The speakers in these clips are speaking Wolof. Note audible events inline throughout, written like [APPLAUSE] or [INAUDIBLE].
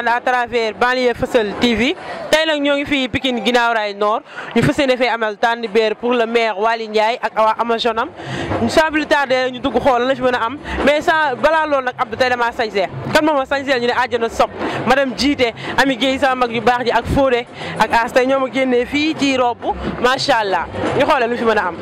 ànd à travers banlieue Fësël TV tey nag ñoo ngi fii Pikine ginnaaw raay ñu fas fee amal tànn beer pour le maire Waly Ndiaye ak waa Amazone am sans plus ñu dugg xool la fi mën a am mais sans balaa loolu nag Abdou tey damaa sañse kan moom a sañseel ñu ne àjjana sob madame jiite ami Guèye sama mag yu baax ji ak Fodé ak As tey ñoo ma génnee fii ci robb macha allah ñu xoolee lu fi mën a am.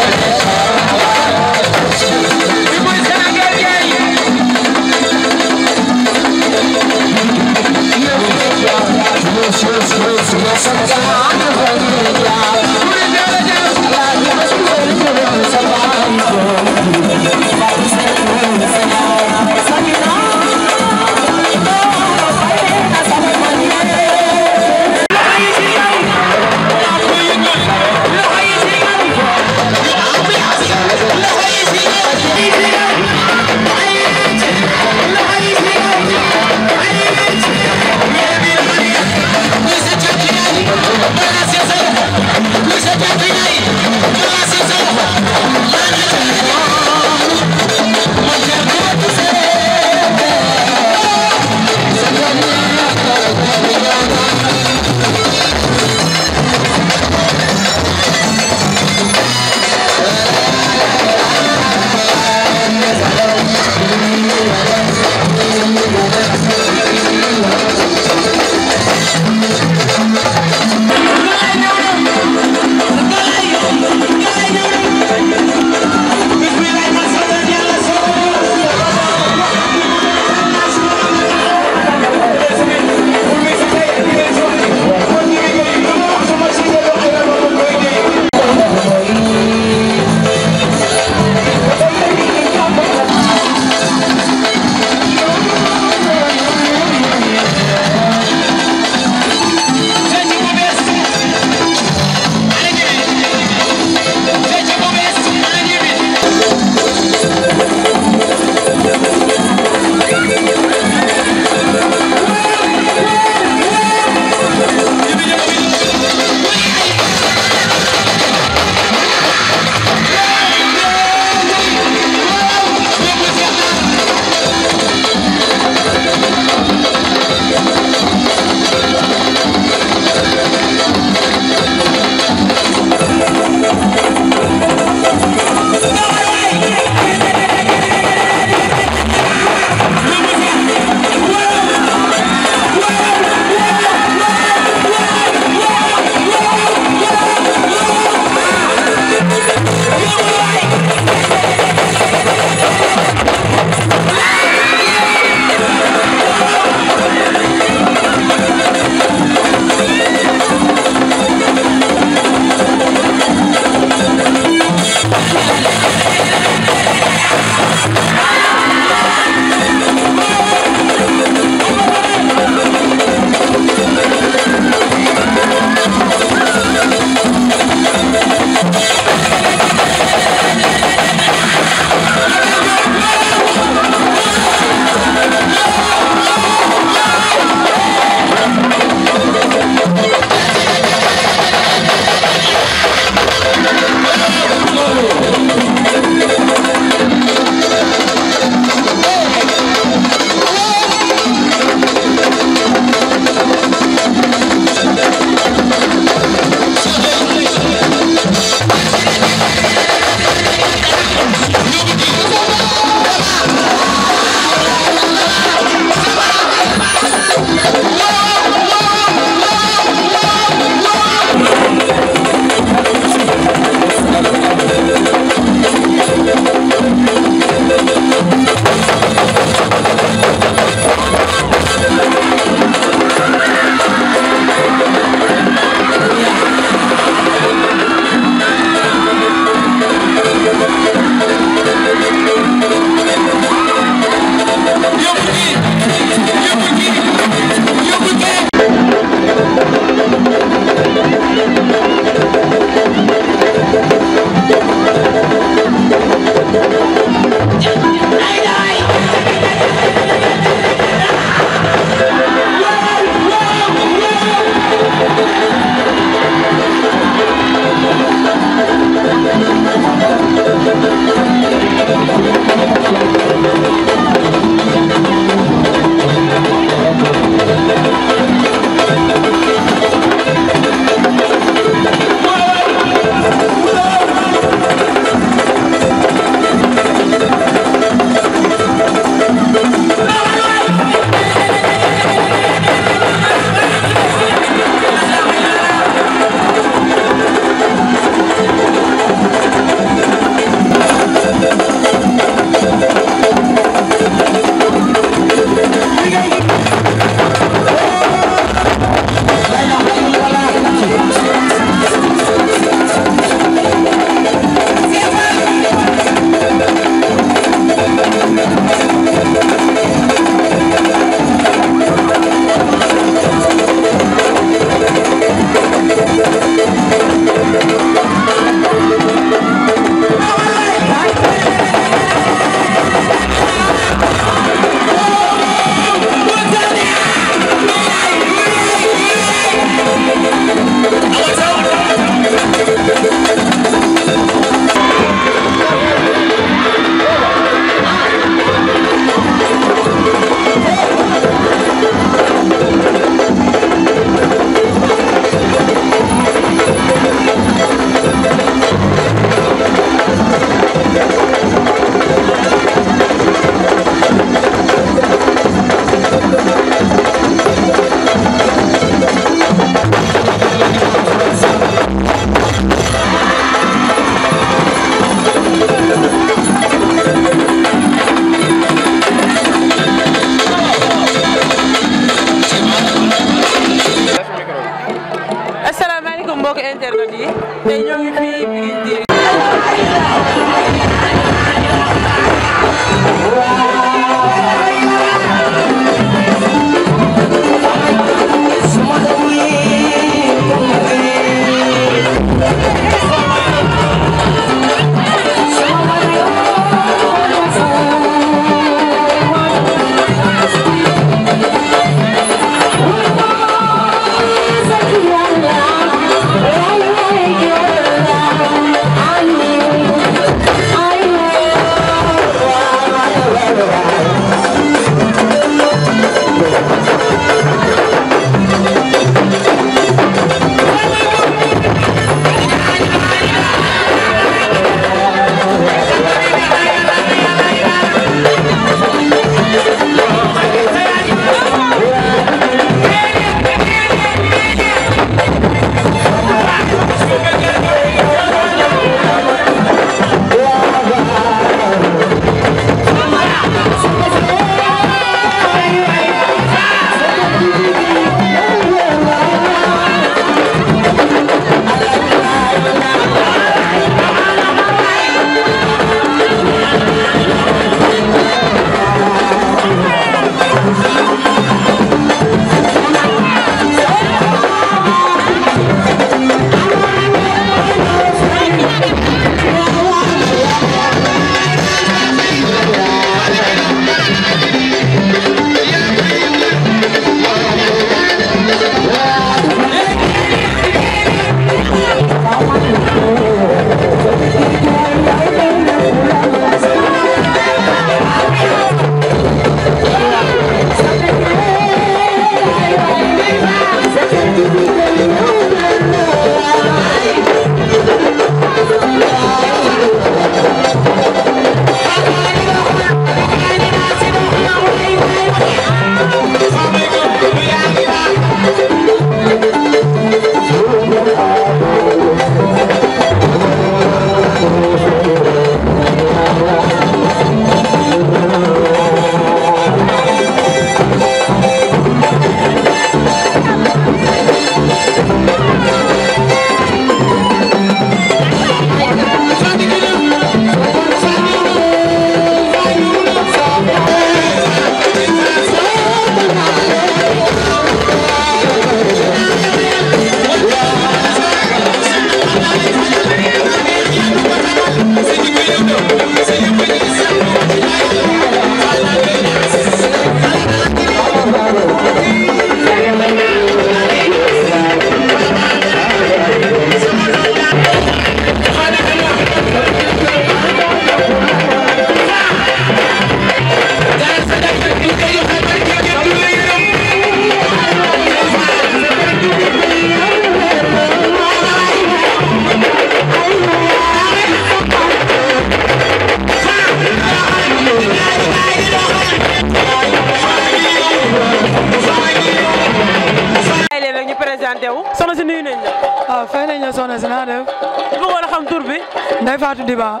Ndeye Fatou Diba.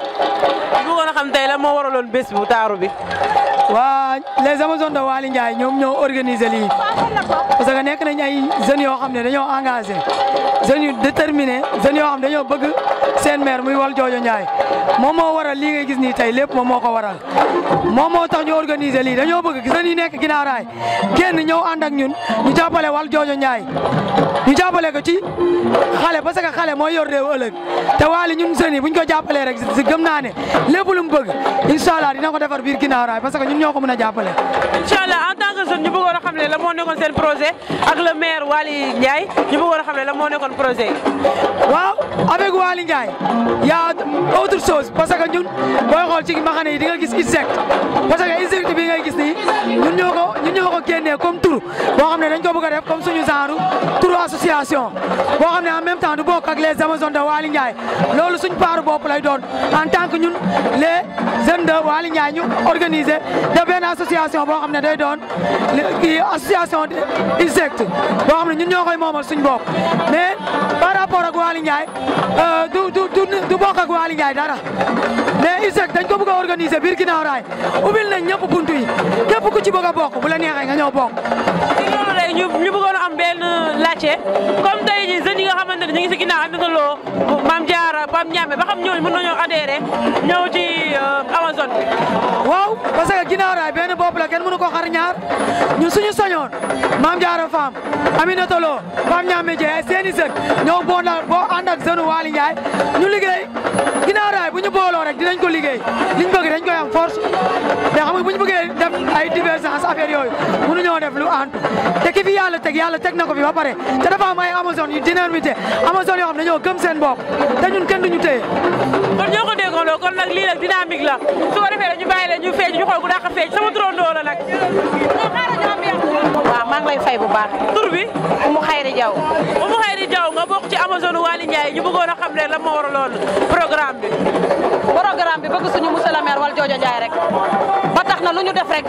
bu ko xam tey lan moo waraloon bés bu taaru bi. waa les Amazones de Waly Ndiaye ñoom ñoo organiser lii parce que nekk nañ ay jeunes yoo xam ne dañoo engagé jeunes yu déterminé jeunes yoo xam ne dañoo bëgg seen maire muy Wal Joojo Ndiaye moom moo waral lii ngay gis nii tey lépp moom moo ko waral. moom moo tax ñu organiser lii dañoo bëgg gis na nekk ginnaaw raay kenn ñëw ànd ak ñun ñu jàppale wal joojo Ndiaye ñu jàppale ko ci xale parce que xale mooy yor réew ëllëg te waali ñun seen yi buñ ko jàppalee rek si gëm naa ne lépp lu mu bëgg incha allah dina ko defar biir ginnaaw raay parce que ñun ñoo ko mën a jàppale. de jeunes ñu bëggoon a xam ne la moo nekkoon seen projet ak le maire Waly Ndiaye ñu bëggoon a xam la moo nekkoon projet yi. waaw avec Waly Ndiaye y a autre chose parce que ñun booy xool ci mbaxane yi di nga gis insecte parce que bi ngay gis ni ñun ñoo ñu ñëw ko génnee comme tur boo xam ne dañ ko bëgg a def comme suñu genre turu association boo xam ne en même temps du bokk ak les Amazones de Waly Ndiaye loolu suñ paaru bopp lay doon en tant que ñun les jeunes de Waly Ndiaye ñu organiser def association boo xam ne day doon kii association d'insectes boo xam ne ñun ñoo koy moomal suñ bopp mais par rapport ak Waly Ndiaye euh, du du du du bokk ak Waly Ndiaye dara mais insectes dañ ko bëgg a organiser biir raay ubbil nañ ñëpp buntu yi képp a bokk neexee nga ñëw bokk tey ñu ñu bëggoon a am benn laajte comme tey jii jeunes yi nga xamante ne ñu ngi si ginnaaw Aminata Lo Mame Diarra Pape Ndiamé ba xam ñooñu mën nañoo adhéré ñëw ci euh, Amazone bi. waaw parce que ginnaaw raay benn bopp la ko xar ñaar ñun suñu soñoon Mame Diarra Fam Aminata Lo Pape Ndiamé Dieng seen i sëg ñoo boo boo ànd ak jeune Waly Ndiaye ñu liggéey ginnaaw raay bu ñu booloo rek dinañ ko liggéey liñ bëgg dañ koy am force te xam nga bu ñu bëggee def ay a affaire yooyu mënuñoo def ki fi yàlla teg yàlla teg na ko fi ba pare te dafa am ay amazone yu dynamité amazone yoo xam ne dañoo gëm seen bopp te ñun kenn duñu téye kon ñoo ko déggandoo kon nag lii nag dynamique la su ko defee ñu bàyyi leen ñu feeñ ñu xool ku dàq feeñ sama turandoo la nag waaw maa ngi lay fay bu baax tur bi Oumou Khayri Diaw Oumou Khayri Diaw nga bokk ci Amazone Waly Ndiaye ñu bëggoon a xam ne moo war a loon programme bi programme bi bëgg suñu monsieur le maire wala joojo Ndiaye rek ba tax lu ñu def rek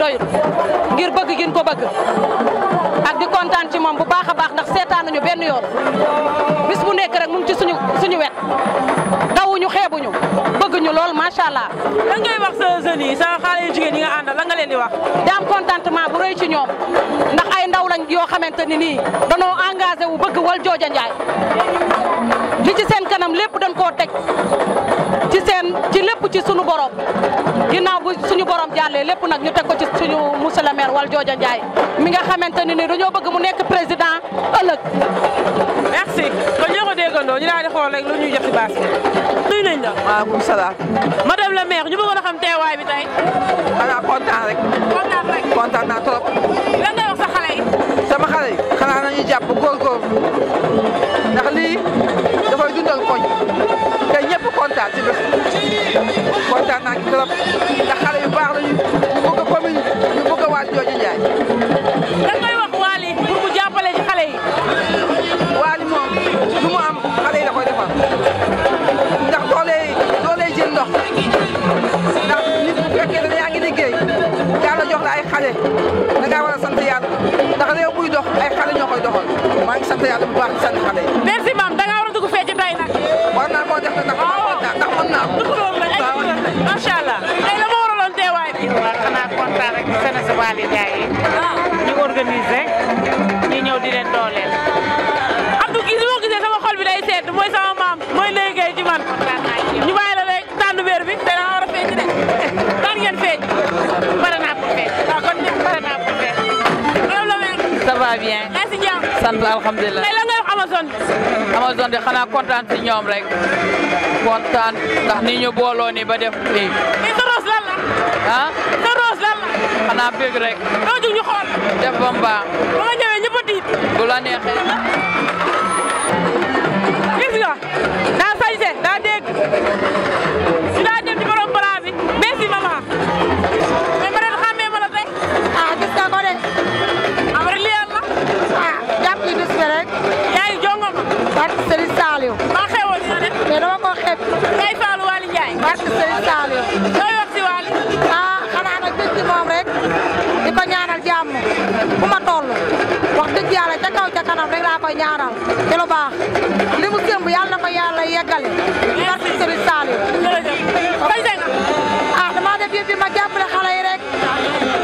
ngir ko bëgg di kontaan ci moom bu baax a baax ndax seetaanuñu benn yoon bis bu nekk rek mu ci suñu suñu wet dawuñu xeebuñu bëgg ñu lool macha allah. lan ngay wax sa yi sa xale yu jigéen yi nga àndal lan nga leen di wax. di am contentement bu rëy ci ñoom ndax ay ndaw lañ yoo xamante ni nii danoo engagé wu bëgg wal jooja njaay. li ci seen kanam lépp dañ koo teg ci seen ci lépp ci sunu borom ginnaaw bu suñu borom jàllee lépp nag ñu teg ko ci suñu monsieur le maire wal jooja Ndiaye mi nga xamante ne dañoo bëgg mu nekk président ëllëg. merci kon ñoo ko déggandoo ñu daal di xool rek lu ñuy jot ci baas bi. nuyu madame la maire ñu bëggoon a xam teewaay bi tey. xanaa kontaan rek. kontaan naa trop. lan ngay wax sa xale yi. sama xale yi xanaa nañu jàpp góorgóorlu ndax lii. up. Aly Ndiaye yi ah, ñu organiser ñu ñëw leen dooleel. Abdou Guèye li ma sama xol bi day sedd mooy sama maam mooy léegi ci man ñu bàyyi la rek tànn weer bi te war a feeñ de daan ngeen feeñ feeñ waaw ah, naa kontaan si ñoom rek kontaan ndax ni ñu booloo ni ba def lii. mais Soros lan ah? xanaa rek. doo jug ñu xool. def ba mu nga ñëwee ñëpp a tiit. la neexee. gis nga daa sañse daa dégg si daa dem borom bara bi bee mama mais ba ren ma la tey. ah gis nga ko de. am rek li yàlla. ah jàpp ci bis bi rek. yaay jongo ma. barke Serigne Saliou. maa bu ma toll wax dëgg yàlla ca kaw kanam rek laa koy ñaanal te lu baax li mu sémb yàlla na ko yàlla yeggale barke Serigne Saliou ah dama def yëf ma jàppale xale yi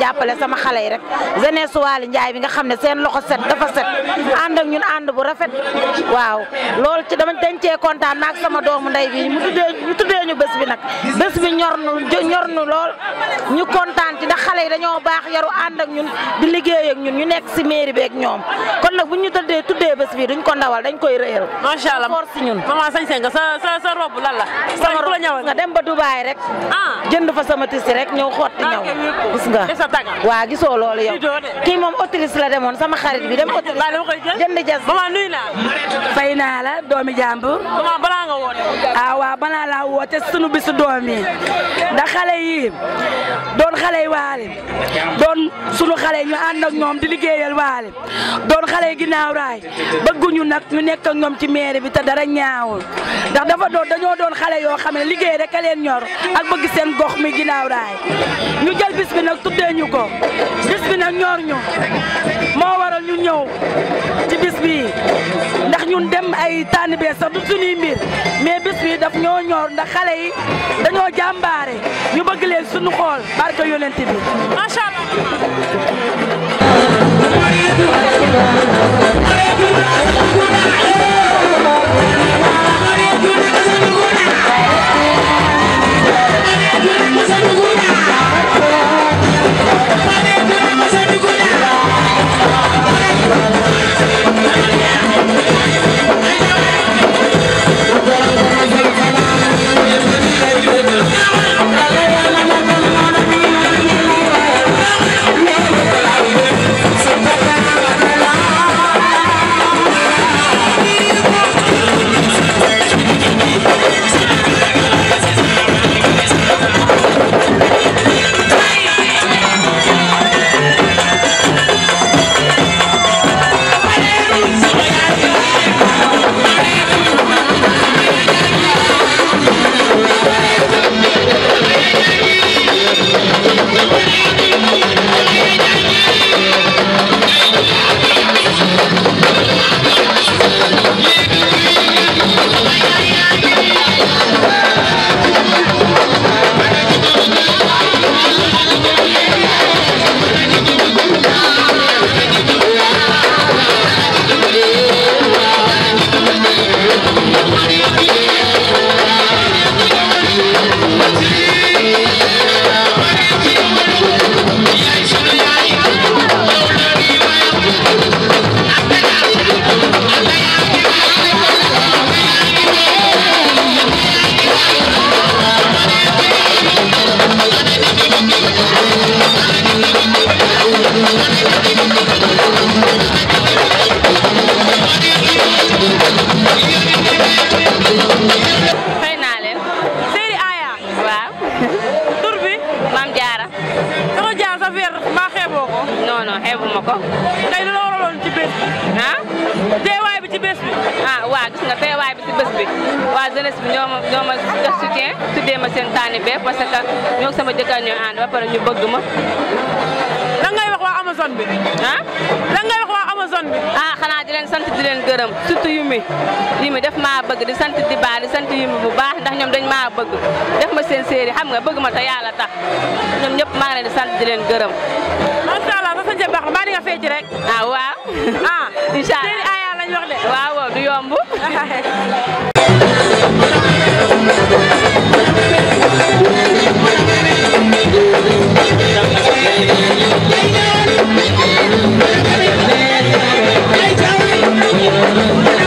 jàppale sama xale yi rek jeunesse Waly Ndiaye bi nga xam ne se loxo set dafa set and ak ñun and bu rafet waaw lool ci dama dañ cee kontaan sama doomu nday bi mu tudde ñu tudde ñu bés bi nak bés bi ñor nu ñor nu lool ñu kontaan ci da xalé yi dañoo baax yaru and ak ñun di liggéey ak ñun ñu nekk ci mairie ak ñom kon nak bu ñu tudde tudde bés bi duñ ko ndawal dañ koy ma sha allah force ñun mama sañ nga sa sa sa rob lan la sama ñawal nga dem ba dubai rek ah. jënd fa sama tisi rek ñëw xott ah, ñëw gis nga wa gisoo lool yow ki mom autrice la demone sama xarit bi dem autrice waaw dama koy jël jënd jas maman nuyu naa fay naa la doomi jàmbur maman balaa nga woote ah waaw balaa sunu bisu doom yi xale yi doon xale yi waali doon sunu xale yi ñu ànd ak ñoom di liggéeyal waali doon xale yi ginnaaw raay bëgguñu nag ñu nekk ak ñoom ci mairie bi te dara ñaawul ndax dafa doon dañoo doon xale yoo xam ne liggéey rek a leen ñor ak bëgg seen gox mi ginnaaw ñu jël bis bi nag tuddee ñu ko bis bi nag ñor ñu moo waral ñu ñëw ci bis bi ndax ñu dem ay taalibe sax du suñuy mbir mais bis bi daf ñoo ñor ndax xale yi dañoo jàmbaare ñu bëgg leen suñu xool barke yonent bi macha Allah di leen gërëm sut yu mi yu def maa bëgg di sant di baax di sant yu bu baax ndax ñoom dañ maa bëgg def ma seen séeri xam nga bëgg ma te yàlla tax ñoom ñépp maa ngi leen di sant di leen gërëm. macha allah ba sa njëb baax na mbaa di nga fecc rek. ah waaw. ah [LAUGHS] incha wax de. waaw waaw [LAUGHS] Gracias.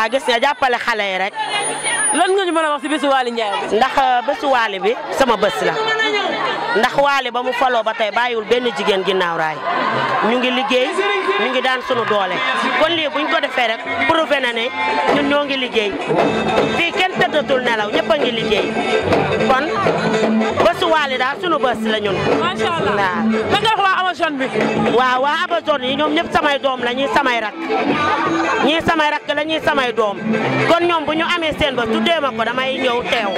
waaw gis nga jàppale xale yi rek. lan nga ñu mën a wax si bésu wali Ndiaye bi. ndax euh, bi sama bés la ndax wali ba mu faloo ba tey bàyyiwul benn jigéen ginnaaw raay ñu ngi liggéey ñu ngi daan sunu doole kon lii buñ ko defee rek prouvé na ne ñun ñoo ngi liggéey fii kenn tëddatul nelaw ñëpp a liggéey kon la ñun. allah Amazone bi waaw waa Amazone ñoom ñëpp samay doom la ñuy samay rak ñii samay rak la ñuy samay doom kon ñoom bu ñu amee seen ba tuddee ma ko damay ñëw teew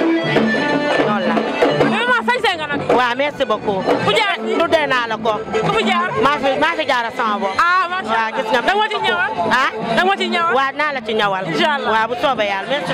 loolu la. waaw merci tuddee naa la ko. bu jaar maa fi maa sama bopp. ah, ah? naa la ci ñawal. incha allah waaw bu soobee yàlla merci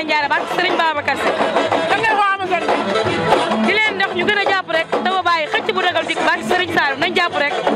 Maari Ndiaye ba Serigne Babacar Sy dam nga ko amagan di leen ñu gën a jàpp rek dama bàyyi xëcc bu ragal dik ba Serigne Saliou nañ jàpp rek